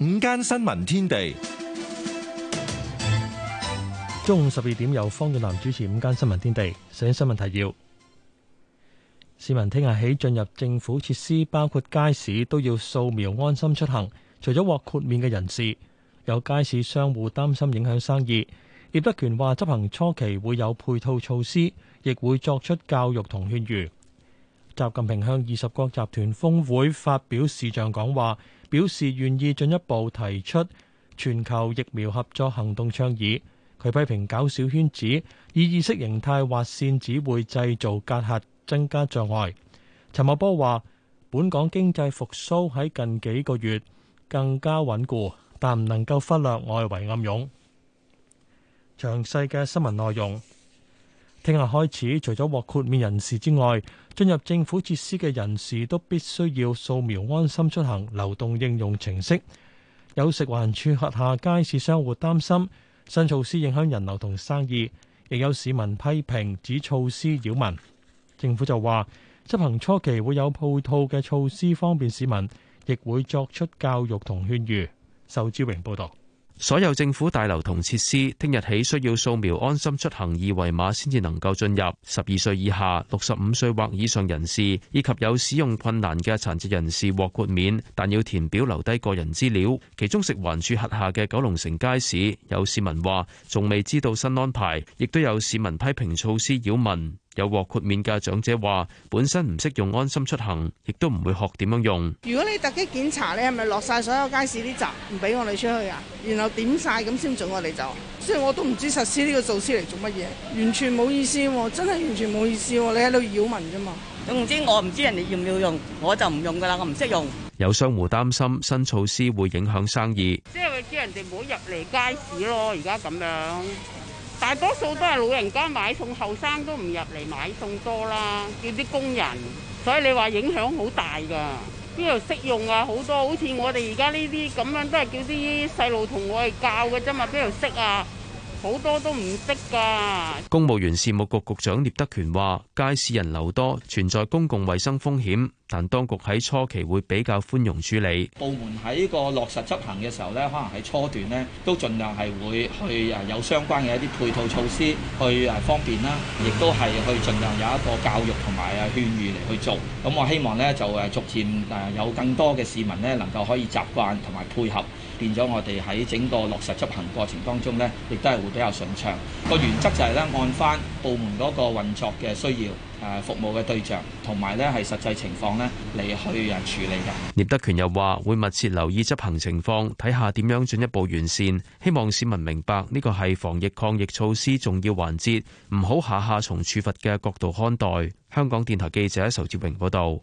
午間新聞天地，中午十二點由方俊南主持《午間新聞天地》，寫新聞提要。市民聽日起進入政府設施，包括街市，都要掃描安心出行，除咗獲豁免嘅人士，有街市商戶擔心影響生意。葉德權話，執行初期會有配套措施，亦會作出教育同勸喻。習近平向二十國集團峰會發表視像講話，表示願意進一步提出全球疫苗合作行動倡議，佢批評搞小圈子、以意識形態劃線只會製造隔閡，增加障礙，陳茂波話本港經濟復甦喺近幾個月更加穩固，但唔能夠忽略外圍暗湧。詳細嘅新聞內容。聽日開始，除咗獲豁免人士之外，進入政府設施嘅人士都必須要掃描安心出行流動應用程式。有食環署轄下街市商戶擔心新措施影響人流同生意，亦有市民批評指措施擾民。政府就話執行初期會有配套嘅措施方便市民，亦會作出教育同勸喻。仇志榮報導。所有政府大樓同設施聽日起需要掃描安心出行二維碼先至能夠進入。十二歲以下、六十五歲或以上人士以及有使用困難嘅殘疾人士獲豁免，但要填表留低個人資料。其中食環署轄下嘅九龍城街市，有市民話仲未知道新安排，亦都有市民批評措施擾民。有獲豁免嘅長者話：本身唔識用安心出行，亦都唔會學點樣用。如果你突擊檢查，你係咪落晒所有街市啲閘，唔俾我哋出去啊？然後點晒咁先准我哋走，即係我都唔知實施呢個措施嚟做乜嘢，完全冇意思喎！真係完全冇意思喎！你喺度擾民啫嘛？我唔知，我唔知人哋要唔要用，我就唔用噶啦，我唔識用。有商戶擔心新措施會影響生意，即係叫人哋唔好入嚟街市咯。而家咁樣。大多數都係老人家買餸，後生都唔入嚟買餸多啦，叫啲工人，所以你話影響好大㗎。邊度識用啊？好多，好似我哋而家呢啲咁樣都，都係叫啲細路同我哋教嘅啫嘛，邊度識啊？好多都唔識㗎。公務員事務局局,局長聶德權話：街市人流多，存在公共衛生風險，但當局喺初期會比較寬容處理。部門喺個落實執行嘅時候咧，可能喺初段咧，都盡量係會去誒有相關嘅一啲配套措施去誒方便啦，亦都係去盡量有一個教育同埋啊勸喻嚟去做。咁我希望咧就誒逐漸誒有更多嘅市民咧能夠可以習慣同埋配合。變咗我哋喺整個落實執行過程當中呢，亦都係會比較順暢。個原則就係呢，按翻部門嗰個運作嘅需要，誒、啊、服務嘅對象，同埋呢係實際情況呢嚟去誒處理嘅。聶德權又話：會密切留意執行情況，睇下點樣進一步完善。希望市民明白呢個係防疫抗疫措施重要環節，唔好下下從處罰嘅角度看待。香港電台記者仇志榮報道。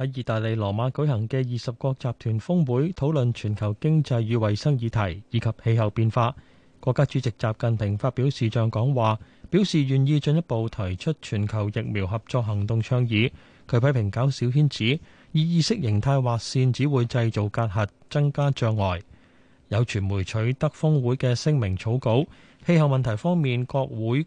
喺意大利羅馬舉行嘅二十國集團峰會，討論全球經濟與衛生議題以及氣候變化。國家主席習近平發表視像講話，表示願意進一步提出全球疫苗合作行動倡議。佢批評搞小圈子、以意識形態劃線只會製造隔閡，增加障礙。有傳媒取得峰會嘅聲明草稿，氣候問題方面，國會。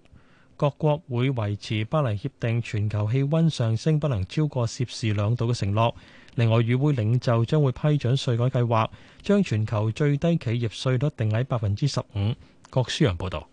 各國會維持巴黎協定全球氣溫上升不能超過攝氏兩度嘅承諾。另外，與會領袖將會批准稅改計劃，將全球最低企業稅率定喺百分之十五。郭書洋報道。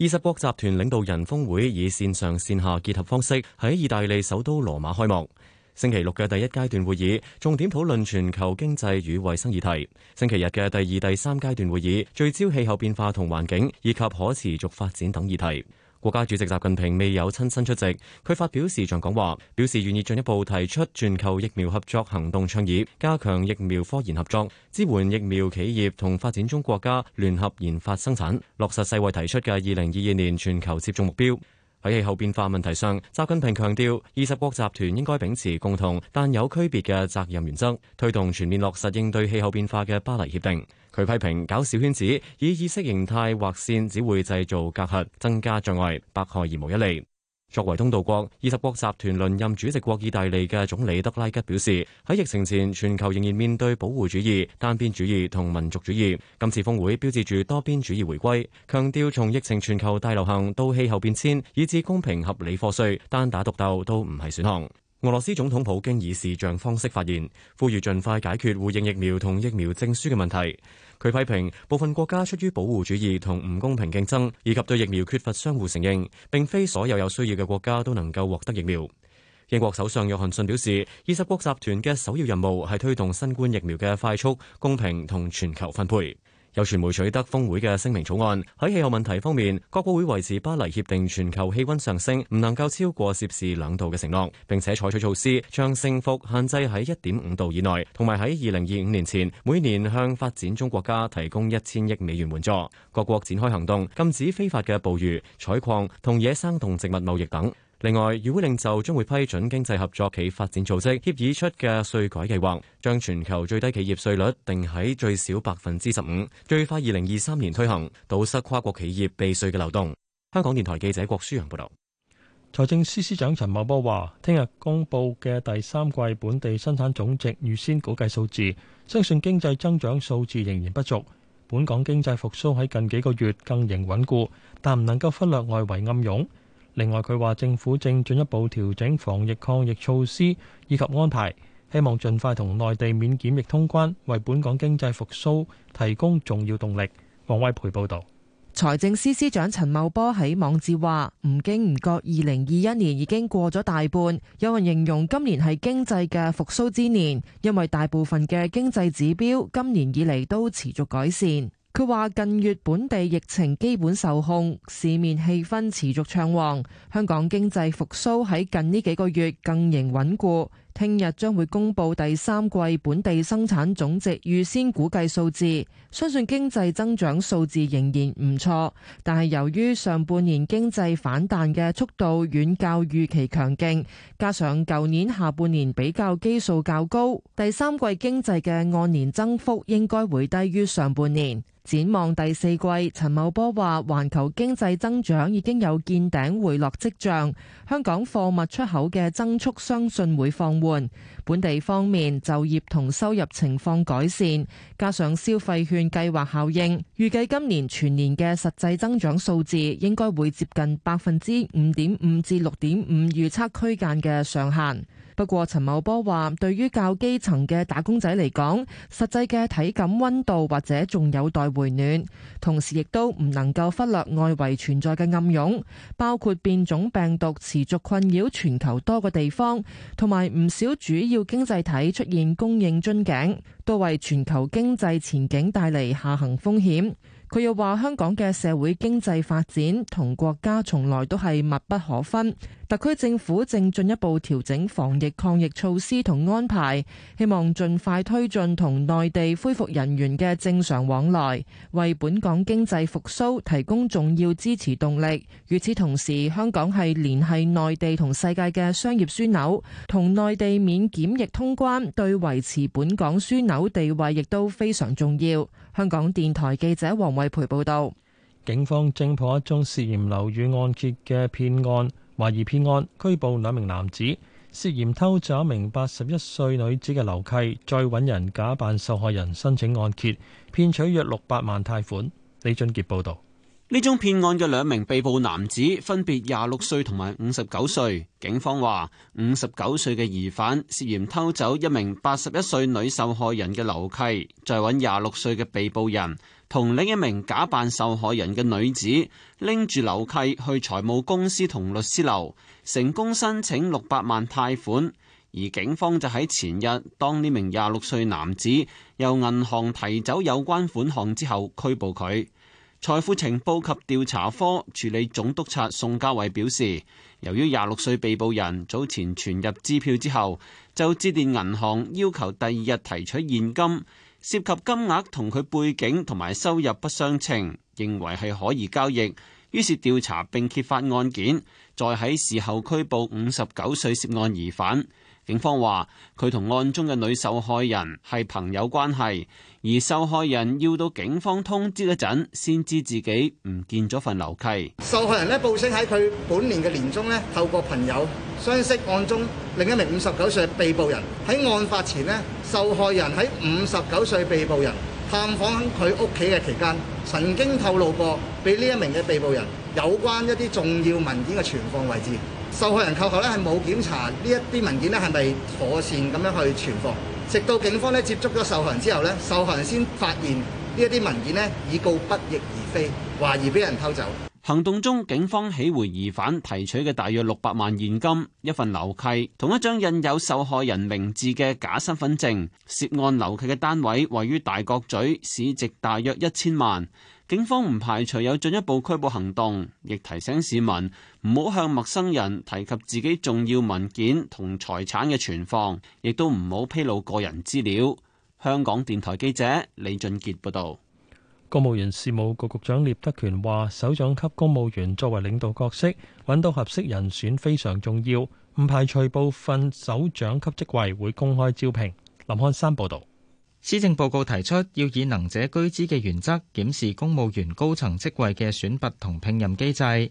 二十國集團領導人峰會以線上、線下結合方式喺意大利首都羅馬開幕。星期六嘅第一階段會議重點討論全球經濟與衛生議題。星期日嘅第二、第三階段會議聚焦氣候變化同環境以及可持續發展等議題。國家主席習近平未有親身出席，佢發表時長講話，表示願意進一步提出全球疫苗合作行動倡議，加強疫苗科研合作，支援疫苗企業同發展中國家聯合研發生產，落實世衛提出嘅二零二二年全球接種目標。喺氣候變化問題上，習近平強調二十國集團應該秉持共同但有區別嘅責任原則，推動全面落實應對氣候變化嘅巴黎協定。佢批評搞小圈子、以意識形態劃線，只會製造隔閡，增加障礙，百害而無一利。作為東道國，二十國集團輪任主席國意大利嘅總理德拉吉表示，喺疫情前，全球仍然面對保護主義、單邊主義同民族主義。今次峰會標誌住多邊主義回歸，強調從疫情全球大流行到氣候變遷，以至公平合理課稅，單打獨鬥都唔係選項。俄羅斯總統普京以視像方式發言，呼籲盡快解決互認疫苗同疫苗證書嘅問題。佢批評部分國家出於保護主義同唔公平競爭，以及對疫苗缺乏相互承認，並非所有有需要嘅國家都能夠獲得疫苗。英國首相約翰遜表示，二十國集團嘅首要任務係推動新冠疫苗嘅快速、公平同全球分配。有傳媒取得峰會嘅聲明草案，喺氣候問題方面，各國會維持巴黎協定全球氣溫上升唔能夠超過攝氏兩度嘅承諾，並且採取措施將升幅限制喺一點五度以內，同埋喺二零二五年前每年向發展中國家提供一千億美元援助。各國展開行動，禁止非法嘅捕魚、採礦同野生動植物貿易等。另外，與會領袖將會批准經濟合作暨發展組織協議出嘅稅改計劃，將全球最低企業稅率定喺最少百分之十五，最快二零二三年推行，堵塞跨國企業避稅嘅漏洞。香港電台記者郭舒揚報道。財政司司長陳茂波話，聽日公佈嘅第三季本地生產總值預先估計數字，相信經濟增長數字仍然不俗。本港經濟復甦喺近幾個月更形穩固，但唔能夠忽略外圍暗湧。另外，佢話政府正進一步調整防疫抗疫措施以及安排，希望盡快同內地免檢疫通關，為本港經濟復甦提供重要動力。王威培報導。財政司司長陳茂波喺網誌話：唔經唔覺，二零二一年已經過咗大半，有人形容今年係經濟嘅復甦之年，因為大部分嘅經濟指標今年以嚟都持續改善。佢話：近月本地疫情基本受控，市面氣氛持續暢旺，香港經濟復甦喺近呢幾個月更形穩固。聽日將會公布第三季本地生產總值預先估計數字，相信經濟增長數字仍然唔錯，但係由於上半年經濟反彈嘅速度遠較預期強勁，加上舊年下半年比較基數較高，第三季經濟嘅按年增幅應該會低於上半年。展望第四季，陳茂波話環球經濟增長已經有見頂回落跡象，香港貨物出口嘅增速相信會放緩。本地方面，就業同收入情況改善，加上消費券計劃效應，預計今年全年嘅實際增長數字應該會接近百分之五點五至六點五預測區間嘅上限。不過，陳茂波話：對於較基層嘅打工仔嚟講，實際嘅體感溫度或者仲有待回暖。同時，亦都唔能夠忽略外圍存在嘅暗湧，包括變種病毒持續困擾全球多個地方，同埋唔少主要經濟體出現供應樽頸，都為全球經濟前景帶嚟下行風險。佢又話：香港嘅社會經濟發展同國家從來都係密不可分。特區政府正進一步調整防疫抗疫措施同安排，希望盡快推進同內地恢復人員嘅正常往來，為本港經濟復甦提供重要支持動力。與此同時，香港係聯繫內地同世界嘅商業樞紐，同內地免檢疫通關，對維持本港樞紐地位亦都非常重要。香港電台記者王慧培報道，警方偵破一宗涉嫌樓宇按揭嘅騙案，懷疑騙案拘捕兩名男子，涉嫌偷走一名八十一歲女子嘅樓契，再揾人假扮受害人申請按揭，騙取約六百萬貸款。李俊傑報道。呢宗騙案嘅兩名被捕男子分別廿六歲同埋五十九歲。警方話，五十九歲嘅疑犯涉嫌偷走一名八十一歲女受害人嘅樓契，再揾廿六歲嘅被捕人同另一名假扮受害人嘅女子拎住樓契去財務公司同律師樓，成功申請六百萬貸款。而警方就喺前日當呢名廿六歲男子由銀行提走有關款項之後拘捕佢。財富情報及調查科處理總督察宋家偉表示，由於廿六歲被捕人早前存入支票之後，就致電銀行要求第二日提取現金，涉及金額同佢背景同埋收入不相稱，認為係可疑交易，於是調查並揭發案件，再喺事後拘捕五十九歲涉案疑犯。警方話：佢同案中嘅女受害人係朋友關係，而受害人要到警方通知一陣，先知自己唔見咗份樓契。受害人咧報稱喺佢本年嘅年中咧，透過朋友相識案中另一名五十九歲被捕人，喺案發前咧，受害人喺五十九歲被捕人探訪佢屋企嘅期間，曾經透露過俾呢一名嘅被捕人有關一啲重要文件嘅存放位置。受害人購後呢，係冇檢查呢一啲文件呢係咪妥善咁樣去存放，直到警方呢接觸咗受害人之後呢，受害人先發現呢一啲文件呢已告不翼而飛，懷疑俾人偷走。行動中，警方起回疑犯提取嘅大約六百萬現金、一份樓契，同一張印有受害人名字嘅假身份證。涉案樓契嘅單位位於大角咀，市值大約一千萬。警方唔排除有進一步拘捕行動，亦提醒市民唔好向陌生人提及自己重要文件同財產嘅存放，亦都唔好披露個人資料。香港電台記者李俊傑報導。公務員事務局局，局長聶德權話，首長級公務員作為領導角色，揾到合適人選非常重要，唔排除部分首長級職位會公開招聘。林漢山報導。施政報告提出，要以能者居之嘅原則檢視公務員高層職位嘅選拔同聘任機制。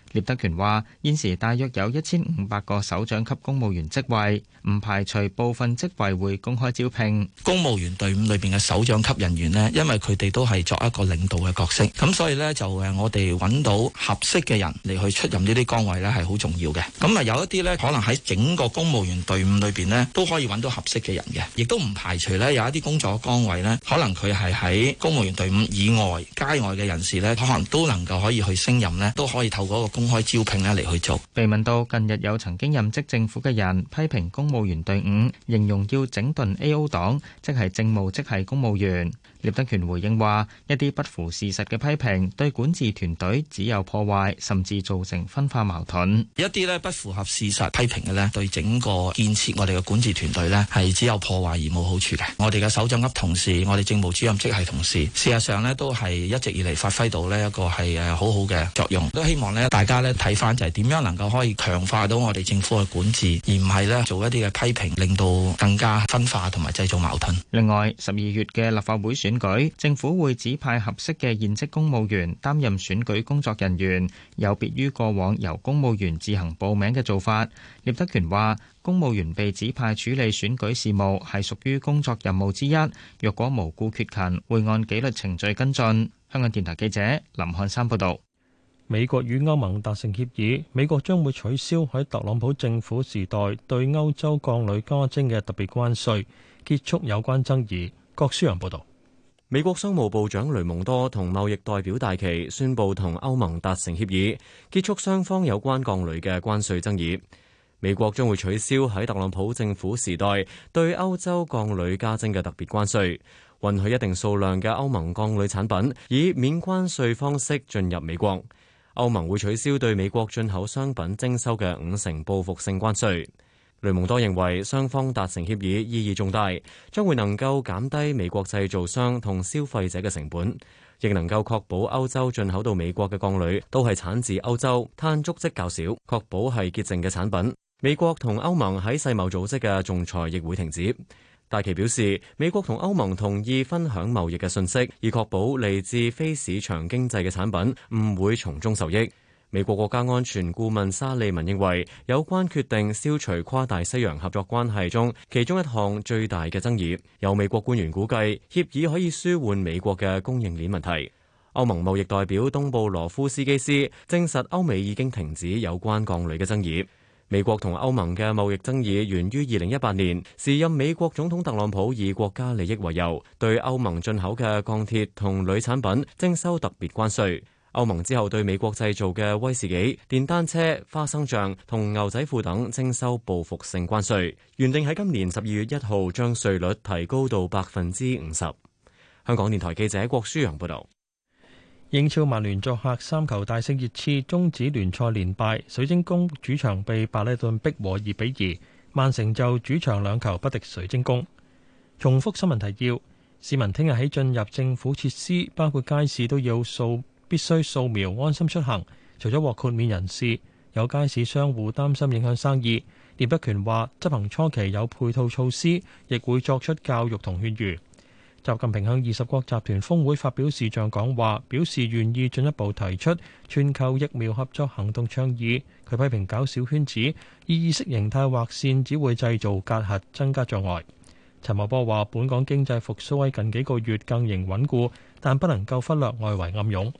聶德權話：現時大約有一千五百個首長級公務員職位，唔排除部分職位會公開招聘。公務員隊伍裏邊嘅首長級人員咧，因為佢哋都係作一個領導嘅角色，咁所以咧就誒，我哋揾到合適嘅人嚟去出任呢啲崗位咧，係好重要嘅。咁啊，有一啲咧可能喺整個公務員隊伍裏邊咧，都可以揾到合適嘅人嘅，亦都唔排除咧有一啲工作崗位咧，可能佢係喺公務員隊伍以外、街外嘅人士咧，可能都能夠可以去升任咧，都可以透過一個公開招聘啊嚟去做。被問到近日有曾經任職政府嘅人批評公務員隊伍，形容要整頓 AO 黨，即係政務，即係公務員。聶德權回應話：一啲不符事實嘅批評，對管治團隊只有破壞，甚至造成分化矛盾。一啲咧不符合事實批評嘅咧，對整個建設我哋嘅管治團隊咧，係只有破壞而冇好處嘅。我哋嘅首長同同事，我哋政務主任即係同事，事實上咧都係一直以嚟發揮到咧一個係誒好好嘅作用。都希望咧大而家咧睇翻就係點樣能夠可以強化到我哋政府嘅管治，而唔係咧做一啲嘅批評，令到更加分化同埋製造矛盾。另外，十二月嘅立法會選舉，政府會指派合適嘅現職公務員擔任選舉工作人員，有別於過往由公務員自行報名嘅做法。聶德權話：公務員被指派處理選舉事務係屬於工作任務之一，若果無故缺勤，會按紀律程序跟進。香港電台記者林漢山報道。美國與歐盟達成協議，美國將會取消喺特朗普政府時代對歐洲鋼鋁加徵嘅特別關稅，結束有關爭議。郭舒揚報導，美國商務部長雷蒙多同貿易代表戴琪宣布同歐盟達成協議，結束雙方有關鋼鋁嘅關稅爭議。美國將會取消喺特朗普政府時代對歐洲鋼鋁加徵嘅特別關稅，允許一定數量嘅歐盟鋼鋁產品以免關稅方式進入美國。歐盟會取消對美國進口商品徵收嘅五成報復性關稅。雷蒙多認為，雙方達成協議意義重大，將會能夠減低美國製造商同消費者嘅成本，亦能夠確保歐洲進口到美國嘅鋼鋁都係產自歐洲，碳足跡較少，確保係潔淨嘅產品。美國同歐盟喺世貿組織嘅仲裁亦會停止。大旗表示，美國同歐盟同意分享貿易嘅信息，以確保嚟自非市場經濟嘅產品唔會從中受益。美國國家安全顧問沙利文認為有關決定消除跨大西洋合作關係中其中一項最大嘅爭議，有美國官員估計協議可以舒緩美國嘅供應鏈問題。歐盟貿易代表東布羅夫斯基斯證實歐美已經停止有關鋼鋁嘅爭議。美國同歐盟嘅貿易爭議源於二零一八年，時任美國總統特朗普以國家利益為由，對歐盟進口嘅鋼鐵同鋁產品徵收特別關稅。歐盟之後對美國製造嘅威士忌、電單車、花生醬同牛仔褲等徵收報復性關稅，原定喺今年十二月一號將稅率提高到百分之五十。香港電台記者郭舒陽報道。英超曼聯作客三球大勝熱刺，終止聯賽連敗。水晶宮主場被白里頓逼和二比二。曼城就主場兩球不敵水晶宮。重複新聞提要：市民聽日起進入政府設施，包括街市都要掃，必須掃描安心出行。除咗獲豁免人士，有街市商戶擔心影響生意。聶德權話：執行初期有配套措施，亦會作出教育同勸喻。習近平向二十國集團峰會發表視像講話，表示願意進一步提出全球疫苗合作行動倡議。佢批評搞小圈子、以意識形態劃線，只會製造隔閡，增加障礙。陳茂波話：本港經濟復甦喺近幾個月更形穩固，但不能夠忽略外圍暗湧。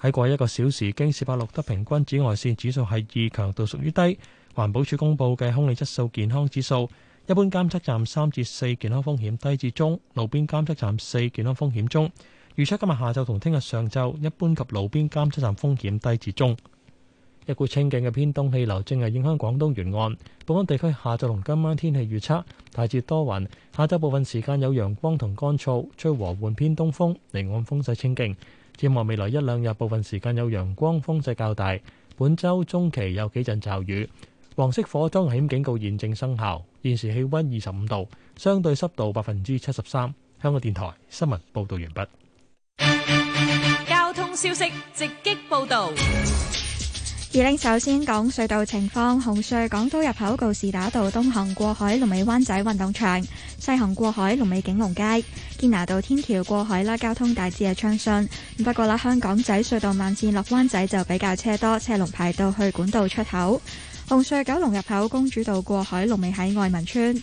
喺過去一個小時，京士柏錄得平均紫外線指數係二，強度屬於低。環保署公佈嘅空氣質素健康指數。一般監測站三至四健康風險低至中，路邊監測站四健康風險中。預測今日下晝同聽日上晝，一般及路邊監測站風險低至中。一股清勁嘅偏東氣流正係影響廣東沿岸，本港地區下晝同今晚天氣預測大致多雲，下晝部分時間有陽光同乾燥，吹和緩偏東風，離岸風勢清勁。展望未來一兩日，部分時間有陽光，風勢較大。本周中期有幾陣驟雨。黃色火災危險警告現正生效。現時氣溫二十五度，相對濕度百分之七十三。香港電台新聞報道完畢。交通消息直擊報道。二令首先講隧道情況，紅隧港島入口告士打道東行過海龍尾灣仔運動場，西行過海龍尾景隆街堅拿道天橋過海啦。交通大致係暢順，不過啦，香港仔隧道慢線落灣仔就比較車多，車龍排到去管道出口。紅隧九龍入口公主道過海龍尾喺愛民村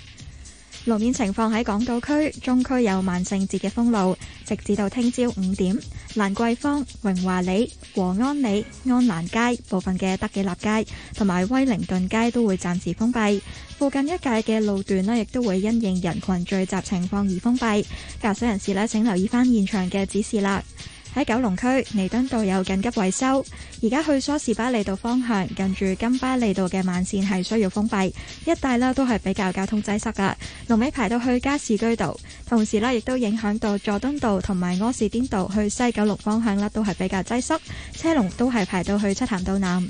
路面情況。喺港島區、中區有萬聖節嘅封路，直至到聽朝五點。蘭桂坊、榮華里、和安里、安蘭街部分嘅德己立街同埋威靈頓街都會暫時封閉。附近一帶嘅路段呢亦都會因應人群聚集情況而封閉。駕駛人士呢請留意返現場嘅指示啦。喺九龍區彌敦道有緊急維修，而家去梳士巴利道方向，近住金巴利道嘅慢線係需要封閉，一帶啦都係比較交通擠塞噶，龍尾排到去加士居道，同時呢亦都影響到佐敦道同埋柯士甸道去西九龍方向啦，都係比較擠塞，車龍都係排到去漆咸道南。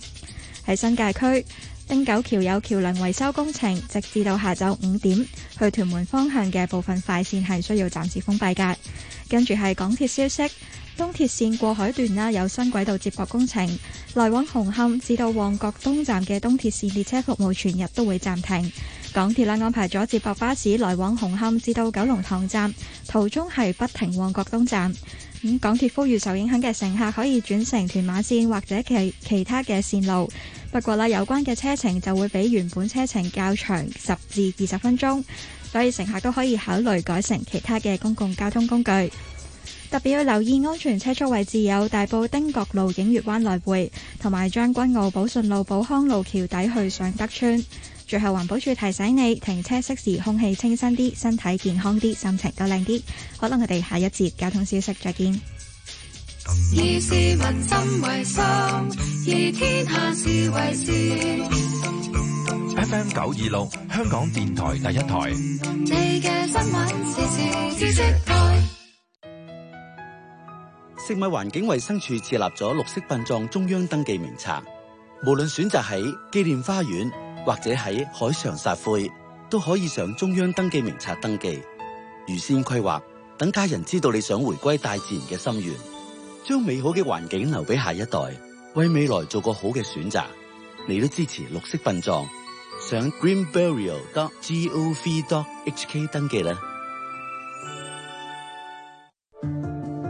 喺新界區汀九橋有橋梁維修工程，直至到下晝五點，去屯門方向嘅部分快線係需要暫時封閉噶。跟住係港鐵消息。東鐵綫過海段啦，有新軌道接駁工程，來往紅磡至到旺角東站嘅東鐵綫列車服務全日都會暫停。港鐵啦安排咗接駁巴士來往紅磡至到九龍塘站，途中係不停旺角東站。咁、嗯、港鐵呼籲受影響嘅乘客可以轉乘屯馬綫或者其其他嘅綫路。不過啦，有關嘅車程就會比原本車程較長十至二十分鐘，所以乘客都可以考慮改成其他嘅公共交通工具。特別要留意安全車速位置有大埔汀角路、映月灣來回，同埋將軍澳寶順路、寶康路橋底去上德村。最後環保署提醒你，停車熄匙空氣清新啲，身體健康啲，心情都靚啲。可能我哋下一節交通消息再見。FM 九二六，香港電台第一台。食物環境衛生署設立咗綠色殯葬中央登記名冊，無論選擇喺紀念花園或者喺海上撒灰，都可以上中央登記名冊登記，預先規劃，等家人知道你想回歸大自然嘅心願，將美好嘅環境留俾下一代，為未來做個好嘅選擇。你都支持綠色殯葬，上 greenburial.gov.hk 登記啦。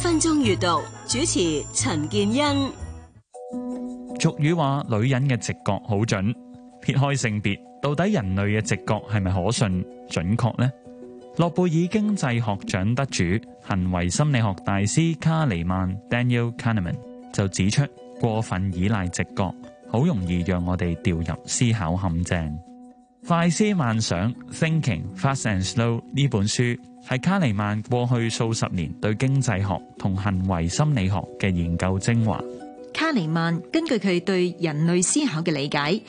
分鐘閱讀主持陳健恩。俗語話女人嘅直覺好準，撇開性別，到底人類嘅直覺係咪可信準確呢？諾貝爾經濟學獎得主、行為心理學大師卡尼曼 （Daniel Kahneman） 就指出，過分依賴直覺，好容易讓我哋掉入思考陷阱。《快思慢想》（Thinking Fast and Slow） 呢本書係卡尼曼過去數十年對經濟學同行為心理學嘅研究精華。卡尼曼根據佢對人類思考嘅理解。